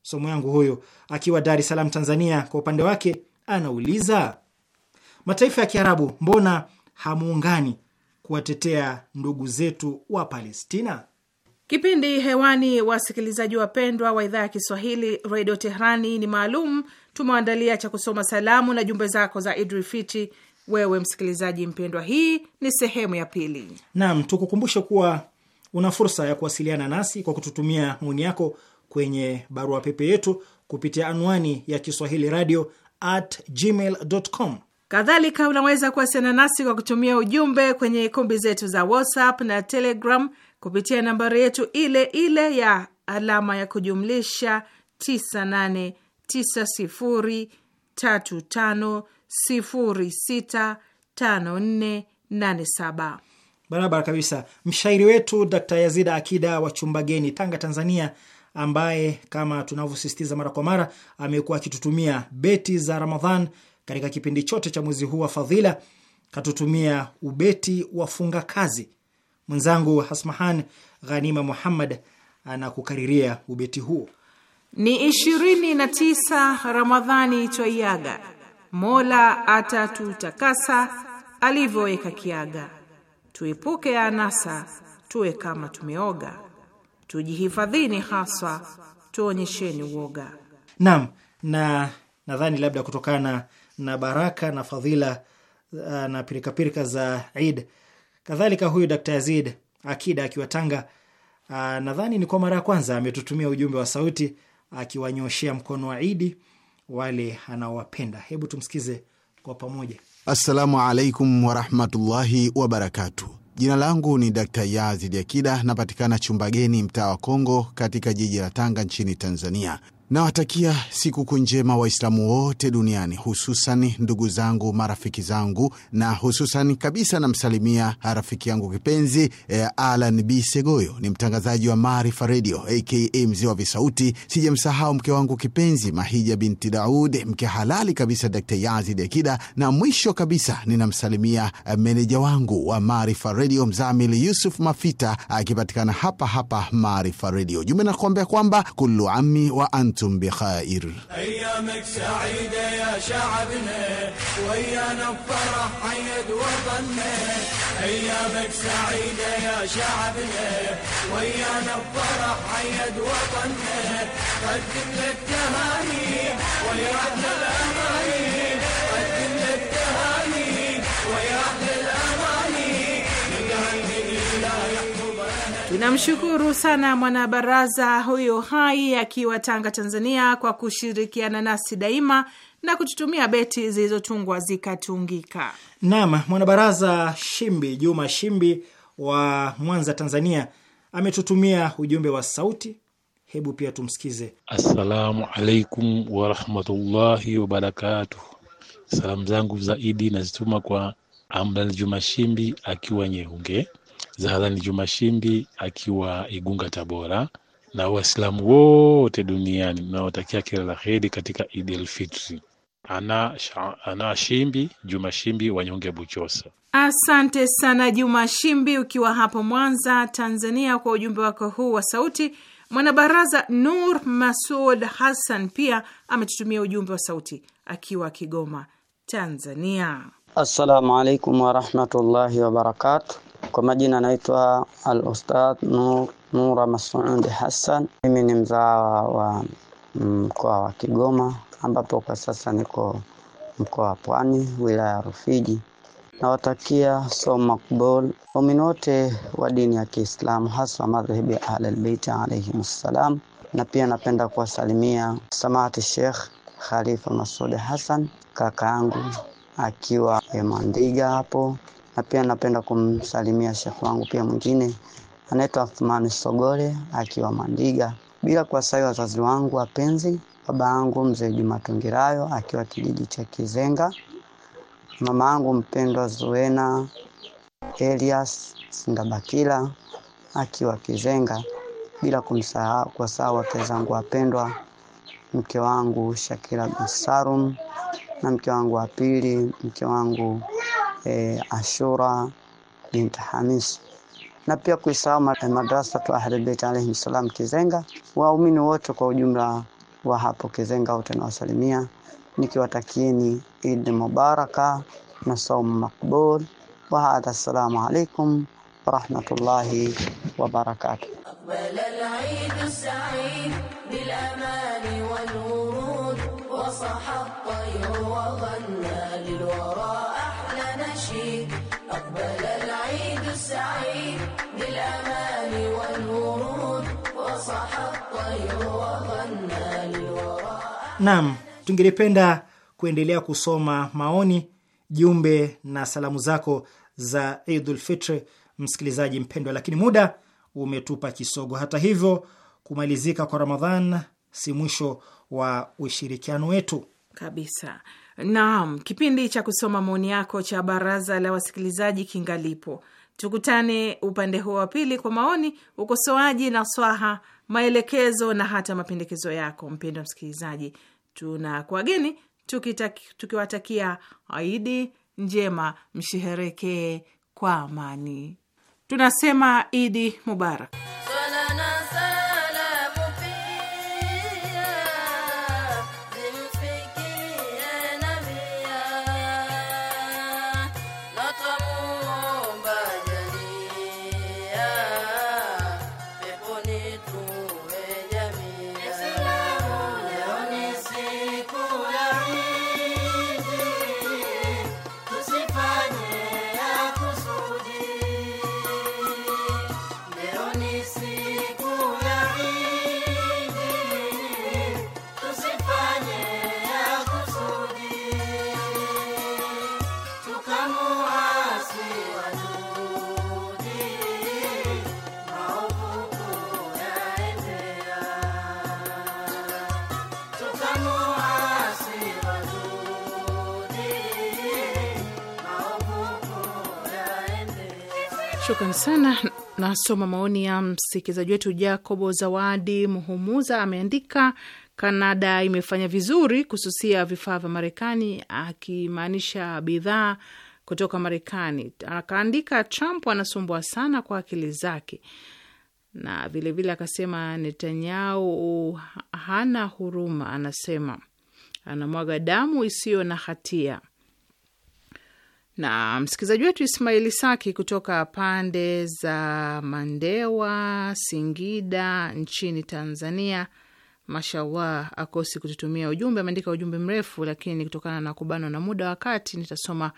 somo yangu huyu akiwa Dar es Salaam, Tanzania, kwa upande wake anauliza mataifa ya Kiarabu, mbona hamuungani kuwatetea ndugu zetu wa Palestina? Kipindi hewani, wasikilizaji wapendwa wa idhaa ya Kiswahili redio Tehrani, ni maalum tumeandalia cha kusoma salamu na jumbe zako za Idri Fiti. Wewe msikilizaji mpendwa, hii ni sehemu ya pili. Naam, tukukumbushe kuwa una fursa ya kuwasiliana nasi kwa kututumia maoni yako kwenye barua pepe yetu kupitia anwani ya Kiswahili radio at gmail com. Kadhalika unaweza kuwasiliana nasi kwa kutumia ujumbe kwenye kumbi zetu za WhatsApp na Telegram kupitia nambari yetu ile ile ya alama ya kujumlisha 989035065487 barabara kabisa. Mshairi wetu Dr. Yazida Akida wa Chumbageni, Tanga, Tanzania, ambaye kama tunavyosisitiza mara kwa mara amekuwa akitutumia beti za Ramadhan katika kipindi chote cha mwezi huu wa fadhila, katutumia ubeti wa funga kazi Mwenzangu Hasmahan Ghanima Muhammad anakukariria ubeti huo. Ni ishirini na tisa Ramadhani twaiaga, Mola atatutakasa alivyoweka kiaga. Tuepuke anasa, tuwe kama tumeoga, tujihifadhini haswa, tuonyesheni uoga. Naam, na nadhani labda kutokana na baraka na fadhila eh, na pirikapirika za Eid Kadhalika huyu Dr. Yazid Akida akiwa Tanga, ah, nadhani ni kwa mara ya kwanza ametutumia ujumbe wa sauti akiwanyoshea mkono wa Idi wale anaowapenda. Hebu tumsikize kwa pamoja. Assalamu alaikum warahmatullahi wabarakatuh. Jina langu ni Dkt. Yazid Akida, napatikana Chumbageni, mtaa wa Kongo, katika jiji la Tanga nchini Tanzania. Nawatakia sikukuu njema Waislamu wote duniani, hususan ndugu zangu, marafiki zangu, na hususan kabisa namsalimia rafiki yangu kipenzi eh, Alan B Segoyo. Ni mtangazaji wa Maarifa redio aka mzee wa visauti. Sijemsahau mke wangu kipenzi Mahija binti Daud, mke halali kabisa Dr Yazid Akida, na mwisho kabisa ninamsalimia eh, meneja wangu wa Maarifa redio mzamil Yusuf Mafita akipatikana hapa hapa Maarifa redio Jumbe nakuambea kwamba kulu ami wa وأنتم بخائر أيامك سعيدة يا شعبنا ويانا بفرح حيد وطننا أيامك سعيدة يا شعبنا ويانا بفرح حيد وطننا قدم لك تهاني ويا الأماني Tunamshukuru sana mwanabaraza huyo hai akiwa Tanga, Tanzania, kwa kushirikiana nasi daima na kututumia beti zilizotungwa zikatungika. Naam, mwanabaraza Shimbi Juma Shimbi wa Mwanza, Tanzania, ametutumia ujumbe wa sauti. Hebu pia tumsikize. Assalamu alaikum warahmatullahi wabarakatuh. Salamu zangu zaidi nazituma kwa Amdal Juma Shimbi akiwa Nyeunge Zahalani Juma Shimbi akiwa Igunga, Tabora, na Waislamu wote duniani naotakia kila la heri katika Eid el Ana, ana Shimbi Juma Shimbi Wanyonge Buchosa. Asante sana Juma Shimbi ukiwa hapo Mwanza, Tanzania, kwa ujumbe wako huu wa sauti. Mwanabaraza Nur Masud Hassan pia ametutumia ujumbe wa sauti akiwa Kigoma, Tanzania. Assalamu alaikum warahmatullahi wabarakatuh. Kwa majina anaitwa Al-Ustadh Nur, Nura Masuudi Hassan. Mimi ni mzawa wa mkoa wa Kigoma ambapo kwa sasa niko mkoa wa Pwani, wilaya ya Rufiji. Nawatakia soma makbul waumini wote wa dini ya Kiislamu, hasa madhehebu ya alaihim alayhimussalam, na pia napenda kuwasalimia samahati Sheikh Khalifa Masudi Hassan kaka yangu akiwa Mandiga hapo na pia napenda kumsalimia shekhe wangu pia mwingine anaitwa Athmani Sogole akiwa Mandiga, bila kuwasahau wazazi wangu wapenzi, baba yangu mzee Juma Tungirayo akiwa kijiji cha Kizenga, mama yangu mpendwa Zuena Elias Singabakila akiwa Kizenga, bila kumsahau kuwasahau wake zangu wapendwa, mke wangu Shakira Bisarum na mke wangu wa pili, mke wangu Eh, Ashura binti hamis na pia kuisoma eh, madrasa tu Ahlul Bait alayhi salam Kizenga. Waumini wote kwa ujumla wa hapo Kizenga wote nawasalimia nikiwatakieni Eid Mubaraka na saumu makbul wa hadha. Assalamu alaykum wa rahmatullahi wa barakatuh. Naam, tungelipenda kuendelea kusoma maoni, jumbe na salamu zako za Idul Fitri, msikilizaji mpendwa, lakini muda umetupa kisogo. Hata hivyo, kumalizika kwa Ramadhan si mwisho wa ushirikiano wetu kabisa. Naam, kipindi cha kusoma maoni yako cha baraza la wasikilizaji kingalipo. Tukutane upande huo wa pili kwa maoni, ukosoaji na swaha maelekezo na hata mapendekezo yako, mpendwa msikilizaji. Tunakuwageni tukiwatakia aidi njema, msheherekee kwa amani. Tunasema Idi Mubarak. Shukran sana. Nasoma maoni ya msikilizaji wetu Jacobo Zawadi Muhumuza, ameandika Kanada imefanya vizuri kususia vifaa vya Marekani, akimaanisha bidhaa kutoka Marekani. Akaandika Trump anasumbua sana kwa akili zake, na vilevile vile akasema Netanyahu hana huruma, anasema anamwaga damu isiyo na hatia na msikilizaji wetu Ismaili Saki kutoka pande za Mandewa, Singida nchini Tanzania, mashallah akosi kututumia ujumbe. Ameandika ujumbe mrefu, lakini kutokana na kubanwa na muda wakati nitasoma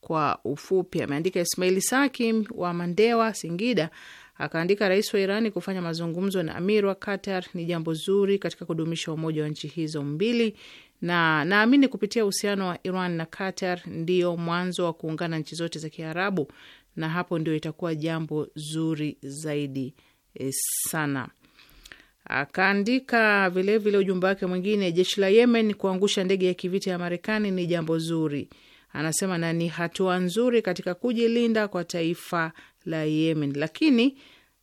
kwa ufupi. Ameandika Ismaili Saki wa Mandewa, Singida, akaandika rais wa Irani kufanya mazungumzo na amir wa Qatar ni jambo zuri katika kudumisha umoja wa nchi hizo mbili na naamini kupitia uhusiano wa Iran na Qatar ndiyo mwanzo wa kuungana nchi zote za Kiarabu, na hapo ndio itakuwa jambo zuri zaidi e, sana. Akaandika vilevile ujumbe wake mwingine, jeshi la Yemen kuangusha ndege ya kivita ya Marekani ni jambo zuri, anasema, na ni hatua nzuri katika kujilinda kwa taifa la Yemen, lakini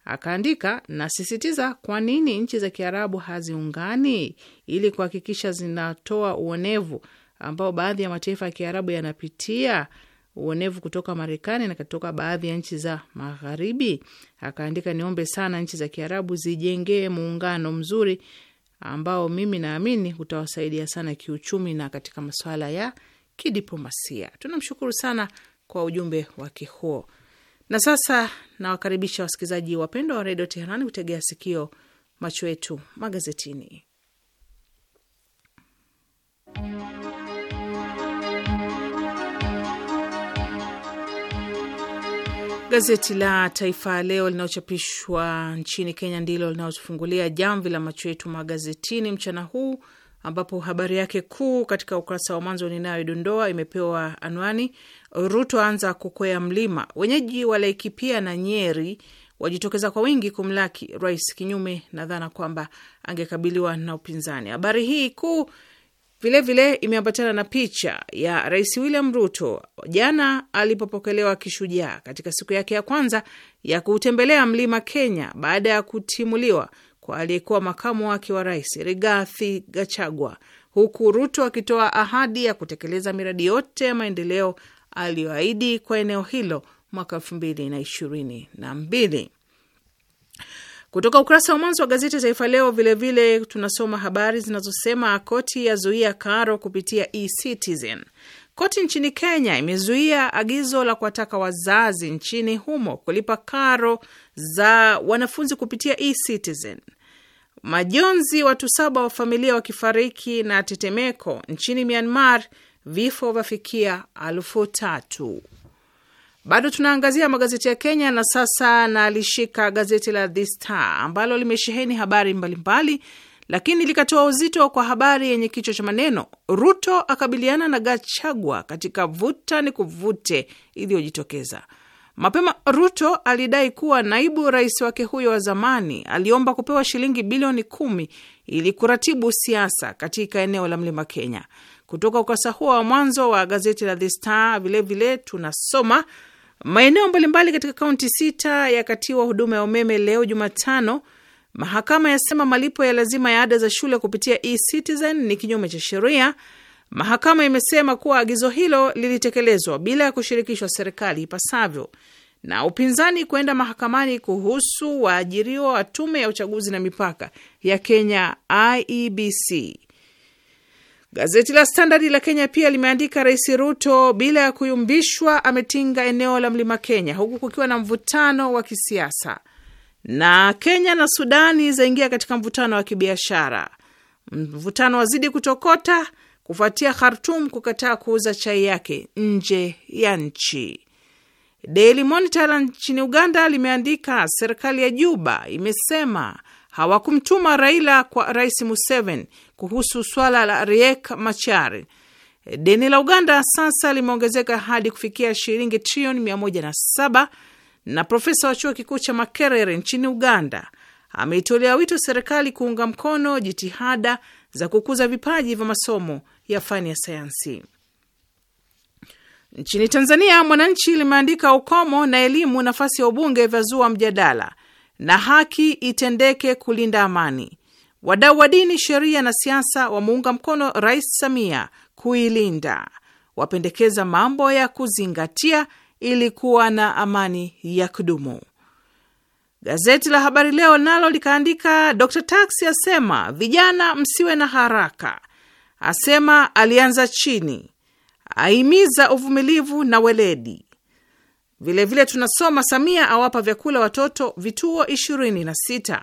Akaandika, nasisitiza kwa nini nchi za Kiarabu haziungani ili kuhakikisha zinatoa uonevu ambao baadhi ya mataifa ya Kiarabu yanapitia uonevu kutoka Marekani na kutoka baadhi ya nchi za Magharibi. Akaandika, niombe sana nchi za Kiarabu zijengee muungano mzuri ambao mimi naamini utawasaidia sana kiuchumi na katika masuala ya kidiplomasia. Tunamshukuru sana kwa ujumbe wake huo. Na sasa nawakaribisha wasikilizaji wapendwa wa redio Teherani kutegea sikio macho yetu magazetini. Gazeti la Taifa Leo linalochapishwa nchini Kenya ndilo linalotufungulia jamvi la macho yetu magazetini mchana huu ambapo habari yake kuu katika ukurasa wa mwanzo ninayodondoa imepewa anwani Ruto anza kukwea mlima. Wenyeji wa Laikipia na Nyeri wajitokeza kwa wingi kumlaki rais, kinyume na dhana kwamba angekabiliwa na upinzani. Habari hii kuu vilevile imeambatana na picha ya Rais William Ruto jana alipopokelewa kishujaa katika siku yake ya kwanza ya kuutembelea mlima Kenya baada ya kutimuliwa kwa aliyekuwa makamu wake wa rais Rigathi Gachagua, huku Ruto akitoa ahadi ya kutekeleza miradi yote ya maendeleo aliyoahidi kwa eneo hilo mwaka elfu mbili na ishirini na mbili. Kutoka ukurasa wa mwanzo wa gazeti Taifa Leo vilevile tunasoma habari zinazosema koti yazuia karo kupitia eCitizen. Koti nchini Kenya imezuia agizo la kuwataka wazazi nchini humo kulipa karo za wanafunzi kupitia eCitizen. Majonzi, watu saba wa familia wakifariki na tetemeko nchini Myanmar, vifo vafikia elfu tatu. Bado tunaangazia magazeti ya Kenya na sasa nalishika gazeti la The Star ambalo limesheheni habari mbalimbali mbali lakini likatoa uzito kwa habari yenye kichwa cha maneno Ruto akabiliana na Gachagua katika vuta ni kuvute iliyojitokeza. Mapema Ruto alidai kuwa naibu rais wake huyo wa zamani aliomba kupewa shilingi bilioni kumi ili kuratibu siasa katika eneo la mlima Kenya. Kutoka ukurasa huo wa mwanzo wa gazeti la The Star vilevile tunasoma maeneo mbalimbali katika kaunti sita yakatiwa huduma ya umeme leo Jumatano Mahakama yasema malipo ya lazima ya ada za shule kupitia eCitizen ni kinyume cha sheria. Mahakama imesema kuwa agizo hilo lilitekelezwa bila ya kushirikishwa serikali ipasavyo, na upinzani kwenda mahakamani kuhusu waajiriwa wa tume ya uchaguzi na mipaka ya Kenya IEBC. Gazeti la Standard la Kenya pia limeandika Rais Ruto bila ya kuyumbishwa ametinga eneo la mlima Kenya huku kukiwa na mvutano wa kisiasa na Kenya na Sudani zaingia katika mvutano wa kibiashara. Mvutano wazidi kutokota kufuatia Khartum kukataa kuuza chai yake nje ya nchi. Daily Monitor nchini Uganda limeandika serikali ya Juba imesema hawakumtuma Raila kwa Rais Museveni kuhusu swala la Riek Machar. Deni la Uganda sasa limeongezeka hadi kufikia shilingi trilioni 107 na profesa wa chuo kikuu cha Makerere nchini Uganda ameitolea wito serikali kuunga mkono jitihada za kukuza vipaji vya masomo ya fani ya sayansi. Nchini Tanzania, Mwananchi limeandika ukomo na elimu, nafasi ya ubunge vya zua mjadala, na haki itendeke kulinda amani. Wadau wa dini, sheria na siasa wameunga mkono Rais Samia kuilinda, wapendekeza mambo ya kuzingatia ili kuwa na amani ya kudumu. Gazeti la Habari Leo nalo likaandika, Dr Tax asema vijana msiwe na haraka, asema alianza chini, ahimiza uvumilivu na weledi. Vilevile vile tunasoma Samia awapa vyakula watoto vituo 26.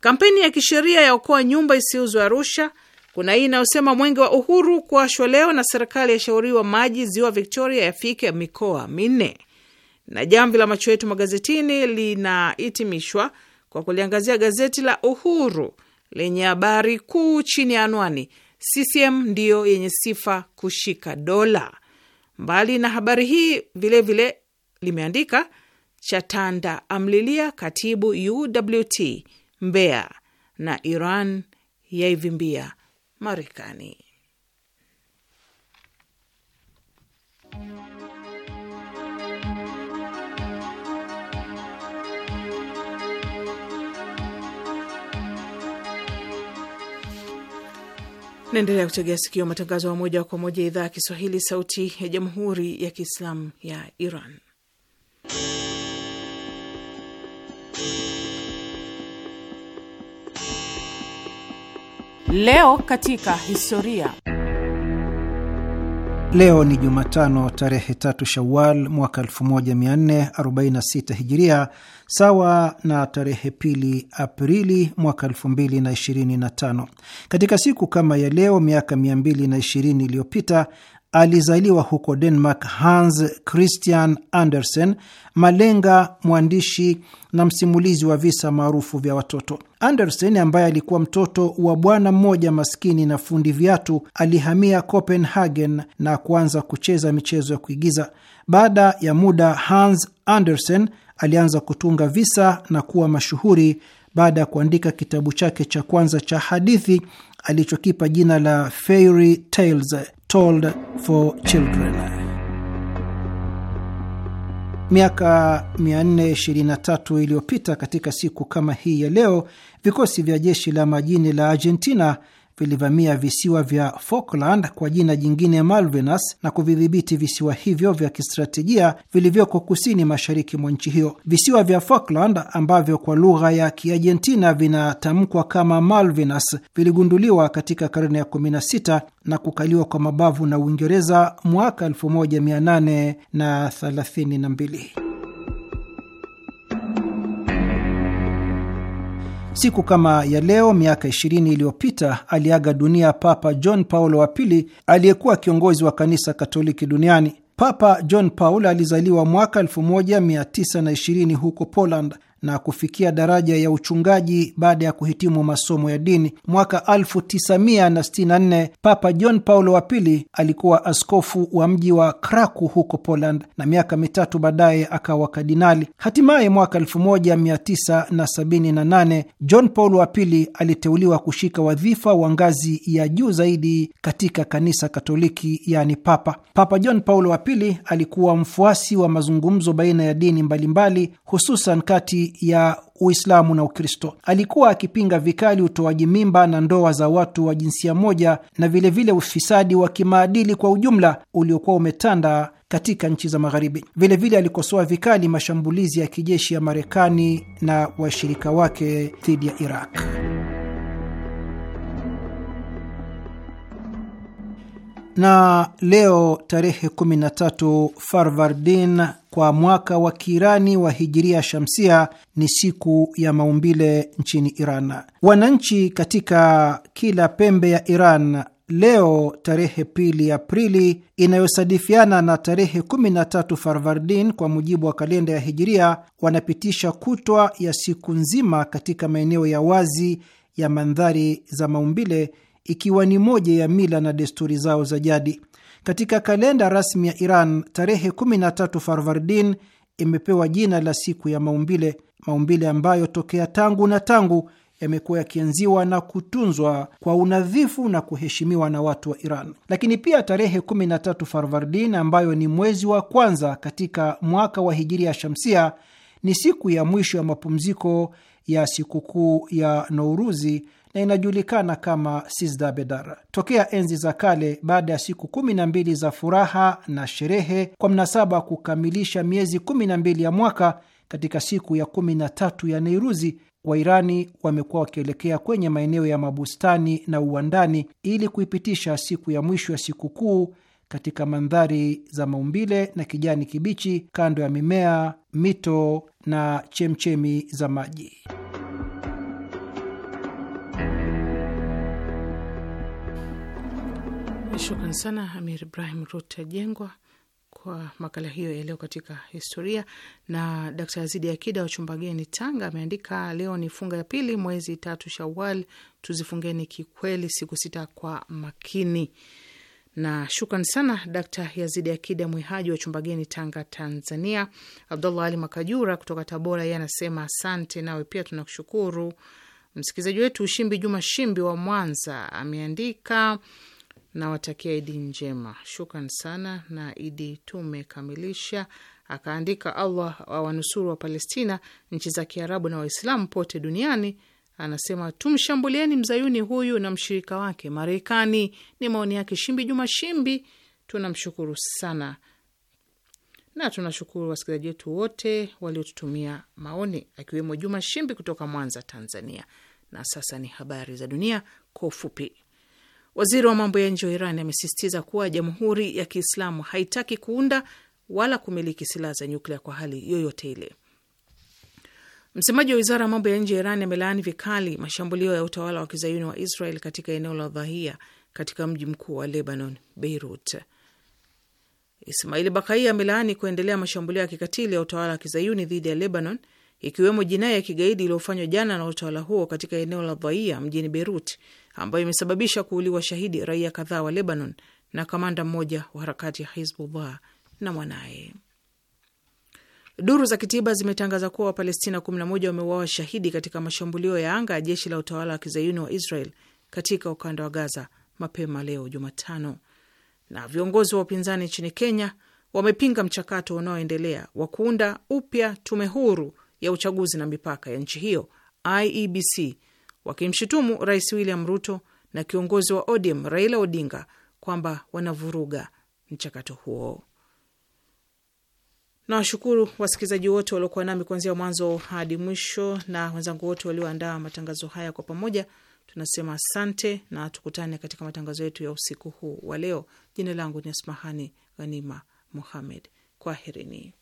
Kampeni ya kisheria ya okoa nyumba isiuzwa Arusha kuna hii inayosema mwenge wa uhuru kuashwa leo na serikali yashauriwa maji ziwa Victoria yafike mikoa minne. Na jamvi la macho yetu magazetini linahitimishwa kwa kuliangazia gazeti la Uhuru lenye habari kuu chini ya anwani CCM ndiyo yenye sifa kushika dola. Mbali na habari hii vilevile vile limeandika Chatanda amlilia katibu UWT Mbeya na Iran yaivimbia Marekani. Naendelea kutegea sikio matangazo ya moja kwa moja idhaa ya Kiswahili, sauti ya jamhuri ya kiislamu ya Iran. Leo katika historia. Leo ni Jumatano tarehe tatu Shawal mwaka 1446 Hijiria, sawa na tarehe pili Aprili mwaka 2025. Katika siku kama ya leo miaka 220 iliyopita alizaliwa huko Denmark Hans Christian Andersen, malenga, mwandishi na msimulizi wa visa maarufu vya watoto. Andersen ambaye alikuwa mtoto wa bwana mmoja maskini na fundi viatu, alihamia Copenhagen na kuanza kucheza michezo ya kuigiza. Baada ya muda, Hans Andersen alianza kutunga visa na kuwa mashuhuri baada ya kuandika kitabu chake cha kwanza cha hadithi alichokipa jina la Fairy Tales Told for Children. Miaka 423 iliyopita katika siku kama hii ya leo, vikosi vya jeshi la majini la Argentina vilivamia visiwa vya Falkland kwa jina jingine Malvinas na kuvidhibiti visiwa hivyo vya kistratejia vilivyoko kusini mashariki mwa nchi hiyo. Visiwa vya Falkland ambavyo kwa lugha ya Kiargentina vinatamkwa kama Malvinas viligunduliwa katika karne ya 16 na kukaliwa kwa mabavu na Uingereza mwaka 1832. Siku kama ya leo miaka 20 iliyopita aliaga dunia Papa John Paulo wa pili aliyekuwa kiongozi wa kanisa Katoliki duniani. Papa John Paul alizaliwa mwaka 1920 huko Poland na kufikia daraja ya uchungaji baada ya kuhitimu masomo ya dini. Mwaka 1964 Papa John Paulo wa pili alikuwa askofu wa mji wa Kraku huko Poland, na miaka mitatu baadaye akawa kardinali. Hatimaye mwaka 1978 John Paulo wa pili aliteuliwa kushika wadhifa wa ngazi ya juu zaidi katika kanisa Katoliki, yani papa. Papa John Paulo wa pili alikuwa mfuasi wa mazungumzo baina ya dini mbalimbali, hususan kati ya Uislamu na Ukristo. Alikuwa akipinga vikali utoaji mimba na ndoa za watu wa jinsia moja na vilevile vile ufisadi wa kimaadili kwa ujumla uliokuwa umetanda katika nchi za Magharibi. Vilevile alikosoa vikali mashambulizi ya kijeshi ya Marekani na washirika wake dhidi ya Iraq. na leo tarehe 13 Farvardin kwa mwaka wa Kiirani wa hijiria shamsia ni siku ya maumbile nchini Iran. Wananchi katika kila pembe ya Iran leo tarehe pili Aprili inayosadifiana na tarehe 13 Farvardin kwa mujibu wa kalenda ya hijiria, wanapitisha kutwa ya siku nzima katika maeneo ya wazi ya mandhari za maumbile ikiwa ni moja ya mila na desturi zao za jadi. Katika kalenda rasmi ya Iran, tarehe 13 Farvardin imepewa jina la siku ya maumbile, maumbile ambayo tokea tangu na tangu yamekuwa yakianziwa na kutunzwa kwa unadhifu na kuheshimiwa na watu wa Iran. Lakini pia tarehe 13 Farvardin ambayo ni mwezi wa kwanza katika mwaka wa hijiria shamsia ni siku ya mwisho ya mapumziko ya sikukuu ya Nouruzi na inajulikana kama Sizda Tokea enzi za kale, baada ya siku kumi na mbili za furaha na sherehe kwa mnasaba kukamilisha miezi kumi na mbili ya mwaka, katika siku ya kumi na tatu ya Neiruzi Wairani wamekuwa wakielekea kwenye maeneo ya mabustani na uwandani ili kuipitisha siku ya mwisho ya sikukuu katika mandhari za maumbile na kijani kibichi, kando ya mimea, mito na chemchemi za maji. Shukran sana Amir Ibrahim Ruta Jengwa kwa makala hiyo ya leo katika historia. Na Dkt Azidi Akida wa Chumbageni, Tanga, ameandika leo ni funga ya pili mwezi tatu Shawal, tuzifungeni kikweli siku sita kwa makini. Na shukran sana Dkt Yazidi Akida Mwihaji wa Chumbageni, Tanga, Tanzania. Abdullah Ali Makajura kutoka Tabora, yeye anasema asante, nawe pia tunakushukuru. Msikilizaji wetu Ushimbi Juma Shimbi wa Mwanza ameandika nawatakia Idi njema. Shukran sana na Idi tumekamilisha. Akaandika, Allah awanusuru wa Palestina, nchi za Kiarabu na Waislamu pote duniani. Anasema tumshambulieni mzayuni huyu na mshirika wake Marekani. Ni maoni yake Shimbi Juma Shimbi, tunamshukuru sana na tunashukuru wasikilizaji wetu wote waliotutumia maoni, akiwemo Juma Shimbi kutoka Mwanza, Tanzania. Na sasa ni habari za dunia kwa ufupi. Waziri wa mambo ya nje wa Iran amesisitiza kuwa Jamhuri ya Kiislamu haitaki kuunda wala kumiliki silaha za nyuklia kwa hali yoyote ile. Msemaji wa wizara ya mambo ya nje ya Iran amelaani vikali mashambulio ya utawala wa kizayuni wa Israel katika eneo la Dhahia katika mji mkuu wa Lebanon, Beirut. Ismail Bakai amelaani kuendelea mashambulio ya kikatili ya utawala wa kizayuni dhidi ya Lebanon, ikiwemo jinai ya kigaidi iliyofanywa jana na utawala huo katika eneo la Dhaia mjini Beirut ambayo imesababisha kuuliwa shahidi raia kadhaa wa Lebanon na kamanda mmoja wa harakati ya Hizbullah na mwanaye. Duru za kitiba zimetangaza kuwa Wapalestina 11 wameuawa shahidi katika mashambulio ya anga ya jeshi la utawala wa kizayuni wa Israel katika ukanda wa Gaza mapema leo Jumatano. Na viongozi wa upinzani nchini Kenya wamepinga mchakato unaoendelea wa kuunda upya tume huru ya uchaguzi na mipaka ya nchi hiyo IEBC wakimshutumu Rais William Ruto na kiongozi wa ODM Raila Odinga kwamba wanavuruga mchakato huo. Nawashukuru wasikilizaji wote waliokuwa nami kuanzia mwanzo hadi mwisho na wenzangu wote walioandaa matangazo haya kwa pamoja. Tunasema asante na tukutane katika matangazo yetu ya usiku huu wa leo. Jina langu ni Asmahani Ghanima Mohamed. Kwaherini.